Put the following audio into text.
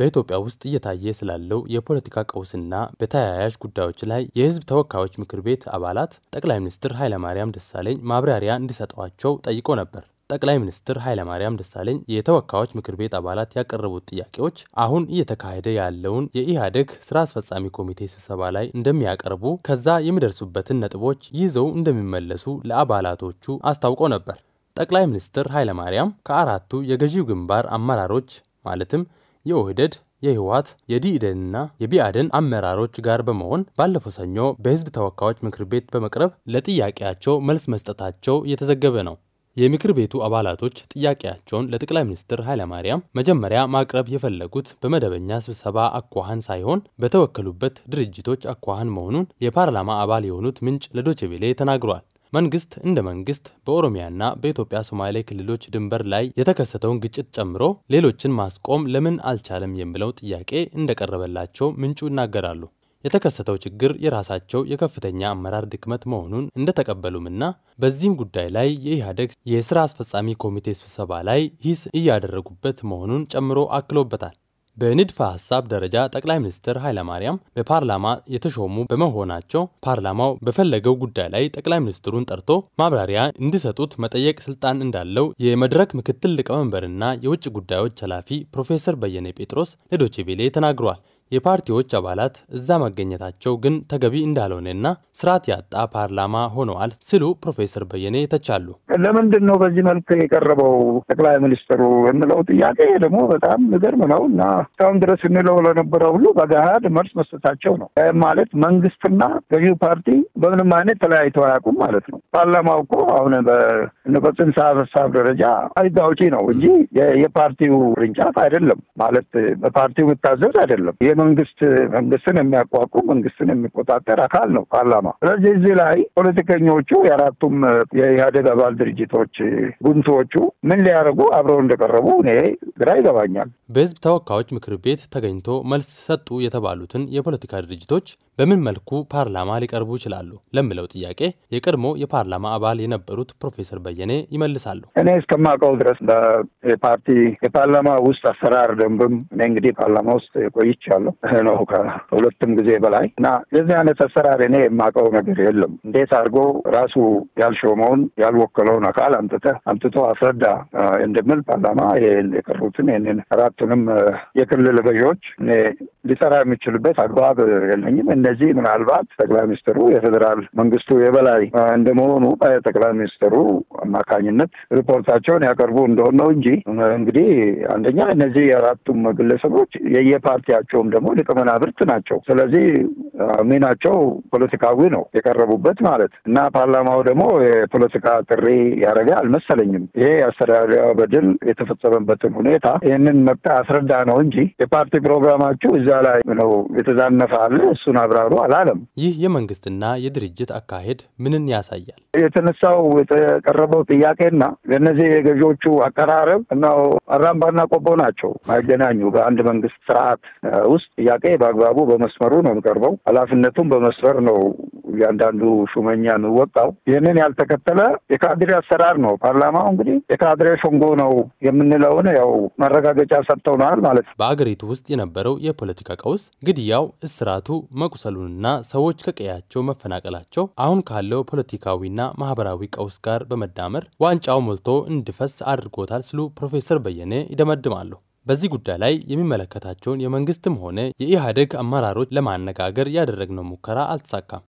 በኢትዮጵያ ውስጥ እየታየ ስላለው የፖለቲካ ቀውስና በተያያዥ ጉዳዮች ላይ የሕዝብ ተወካዮች ምክር ቤት አባላት ጠቅላይ ሚኒስትር ኃይለማርያም ደሳለኝ ማብራሪያ እንዲሰጠዋቸው ጠይቆ ነበር። ጠቅላይ ሚኒስትር ኃይለማርያም ደሳለኝ የተወካዮች ምክር ቤት አባላት ያቀረቡት ጥያቄዎች አሁን እየተካሄደ ያለውን የኢህአዴግ ስራ አስፈጻሚ ኮሚቴ ስብሰባ ላይ እንደሚያቀርቡ፣ ከዛ የሚደርሱበትን ነጥቦች ይዘው እንደሚመለሱ ለአባላቶቹ አስታውቆ ነበር። ጠቅላይ ሚኒስትር ኃይለማርያም ከአራቱ የገዢው ግንባር አመራሮች ማለትም የውህደድ፣ የህወሀት የዲኢደንና የቢአደን አመራሮች ጋር በመሆን ባለፈው ሰኞ በህዝብ ተወካዮች ምክር ቤት በመቅረብ ለጥያቄያቸው መልስ መስጠታቸው እየተዘገበ ነው። የምክር ቤቱ አባላቶች ጥያቄያቸውን ለጠቅላይ ሚኒስትር ኃይለማርያም መጀመሪያ ማቅረብ የፈለጉት በመደበኛ ስብሰባ አኳኋን ሳይሆን በተወከሉበት ድርጅቶች አኳኋን መሆኑን የፓርላማ አባል የሆኑት ምንጭ ለዶቼ ቬሌ ተናግሯል። መንግስት እንደ መንግስት በኦሮሚያና በኢትዮጵያ ሶማሌ ክልሎች ድንበር ላይ የተከሰተውን ግጭት ጨምሮ ሌሎችን ማስቆም ለምን አልቻለም የሚለው ጥያቄ እንደቀረበላቸው ምንጩ ይናገራሉ። የተከሰተው ችግር የራሳቸው የከፍተኛ አመራር ድክመት መሆኑን እንደተቀበሉምና በዚህም ጉዳይ ላይ የኢህአደግ የስራ አስፈጻሚ ኮሚቴ ስብሰባ ላይ ሂስ እያደረጉበት መሆኑን ጨምሮ አክሎበታል። በንድፈ ሀሳብ ደረጃ ጠቅላይ ሚኒስትር ኃይለማርያም በፓርላማ የተሾሙ በመሆናቸው ፓርላማው በፈለገው ጉዳይ ላይ ጠቅላይ ሚኒስትሩን ጠርቶ ማብራሪያ እንዲሰጡት መጠየቅ ስልጣን እንዳለው የመድረክ ምክትል ሊቀመንበርና የውጭ ጉዳዮች ኃላፊ ፕሮፌሰር በየነ ጴጥሮስ ለዶቼ ቬሌ የፓርቲዎች አባላት እዛ መገኘታቸው ግን ተገቢ እንዳልሆነና ስርዓት ያጣ ፓርላማ ሆነዋል ሲሉ ፕሮፌሰር በየነ ተቻሉ። ለምንድን ነው በዚህ መልክ የቀረበው ጠቅላይ ሚኒስትሩ የምለው ጥያቄ ደግሞ በጣም ንገርም ነው እና እስካሁን ድረስ እንለው ለነበረው ሁሉ በገሃድ መልስ መስጠታቸው ነው ማለት መንግስትና ገዢው ፓርቲ በምንም አይነት ተለያይተው አያውቁም ማለት ነው። ፓርላማው እኮ አሁን በጽንሰ ሀሳብ ደረጃ ህግ አውጪ ነው እንጂ የፓርቲው ቅርንጫፍ አይደለም ማለት በፓርቲው የምታዘዝ አይደለም። መንግስት መንግስትን የሚያቋቁም መንግስትን የሚቆጣጠር አካል ነው ፓርላማ። ስለዚህ እዚህ ላይ ፖለቲከኞቹ የአራቱም የኢህአዴግ አባል ድርጅቶች ጉምቶቹ ምን ሊያደርጉ አብረው እንደቀረቡ እኔ ግራ ይገባኛል። በህዝብ ተወካዮች ምክር ቤት ተገኝቶ መልስ ሰጡ የተባሉትን የፖለቲካ ድርጅቶች በምን መልኩ ፓርላማ ሊቀርቡ ይችላሉ ለምለው ጥያቄ የቀድሞ የፓርላማ አባል የነበሩት ፕሮፌሰር በየኔ ይመልሳሉ። እኔ እስከማውቀው ድረስ የፓርቲ የፓርላማ ውስጥ አሰራር ደንብም እኔ እንግዲህ ፓርላማ ውስጥ ቆይቻለሁ ነው ከሁለትም ጊዜ በላይ እና የዚህ አይነት አሰራር እኔ የማውቀው ነገር የለም። እንዴት አድርጎ ራሱ ያልሾመውን ያልወከለውን አካል አምጥተ አምጥቶ አስረዳ እንደምል ፓርላማ የቀሩትን ይህንን አራቱንም የክልል ገዢዎች ሊጠራ የሚችልበት አግባብ የለኝም። እነዚህ ምናልባት ጠቅላይ ሚኒስትሩ የፌዴራል መንግስቱ የበላይ እንደመሆኑ ጠቅላይ ሚኒስትሩ አማካኝነት ሪፖርታቸውን ያቀርቡ እንደሆን ነው እንጂ እንግዲህ አንደኛ እነዚህ የአራቱም ግለሰቦች የየፓርቲያቸውም ደግሞ ሊቀመናብርት ናቸው። ስለዚህ ሚናቸው ፖለቲካዊ ነው የቀረቡበት ማለት እና ፓርላማው ደግሞ የፖለቲካ ጥሪ ያደረገ አልመሰለኝም። ይሄ የአስተዳደሪያ በድል የተፈጸመበትን ሁኔታ ይህንን መጣ አስረዳ ነው እንጂ የፓርቲ ፕሮግራማችሁ ላይ ነው የተዛነፈ አለ እሱን አብራሩ አላለም። ይህ የመንግስትና የድርጅት አካሄድ ምንን ያሳያል? የተነሳው የተቀረበው ጥያቄና ለእነዚህ የገዢዎቹ አቀራረብ እና አራምባና ቆቦ ናቸው ማይገናኙ። በአንድ መንግስት ስርዓት ውስጥ ጥያቄ በአግባቡ በመስመሩ ነው የሚቀርበው። ኃላፊነቱም በመስመር ነው እያንዳንዱ ሹመኛ የሚወጣው። ይህንን ያልተከተለ የካድሬ አሰራር ነው። ፓርላማው እንግዲህ የካድሬ ሾንጎ ነው የምንለውን ያው ማረጋገጫ ሰጥተውናል ማለት ነው። በአገሪቱ ውስጥ የነበረው የፖለቲ የፖለቲካ ቀውስ፣ ግድያው፣ እስራቱ፣ መቁሰሉንና ሰዎች ከቀያቸው መፈናቀላቸው አሁን ካለው ፖለቲካዊና ማህበራዊ ቀውስ ጋር በመዳመር ዋንጫው ሞልቶ እንዲፈስ አድርጎታል ሲሉ ፕሮፌሰር በየነ ይደመድማሉ። በዚህ ጉዳይ ላይ የሚመለከታቸውን የመንግስትም ሆነ የኢህአዴግ አመራሮች ለማነጋገር ያደረግነው ሙከራ አልተሳካም።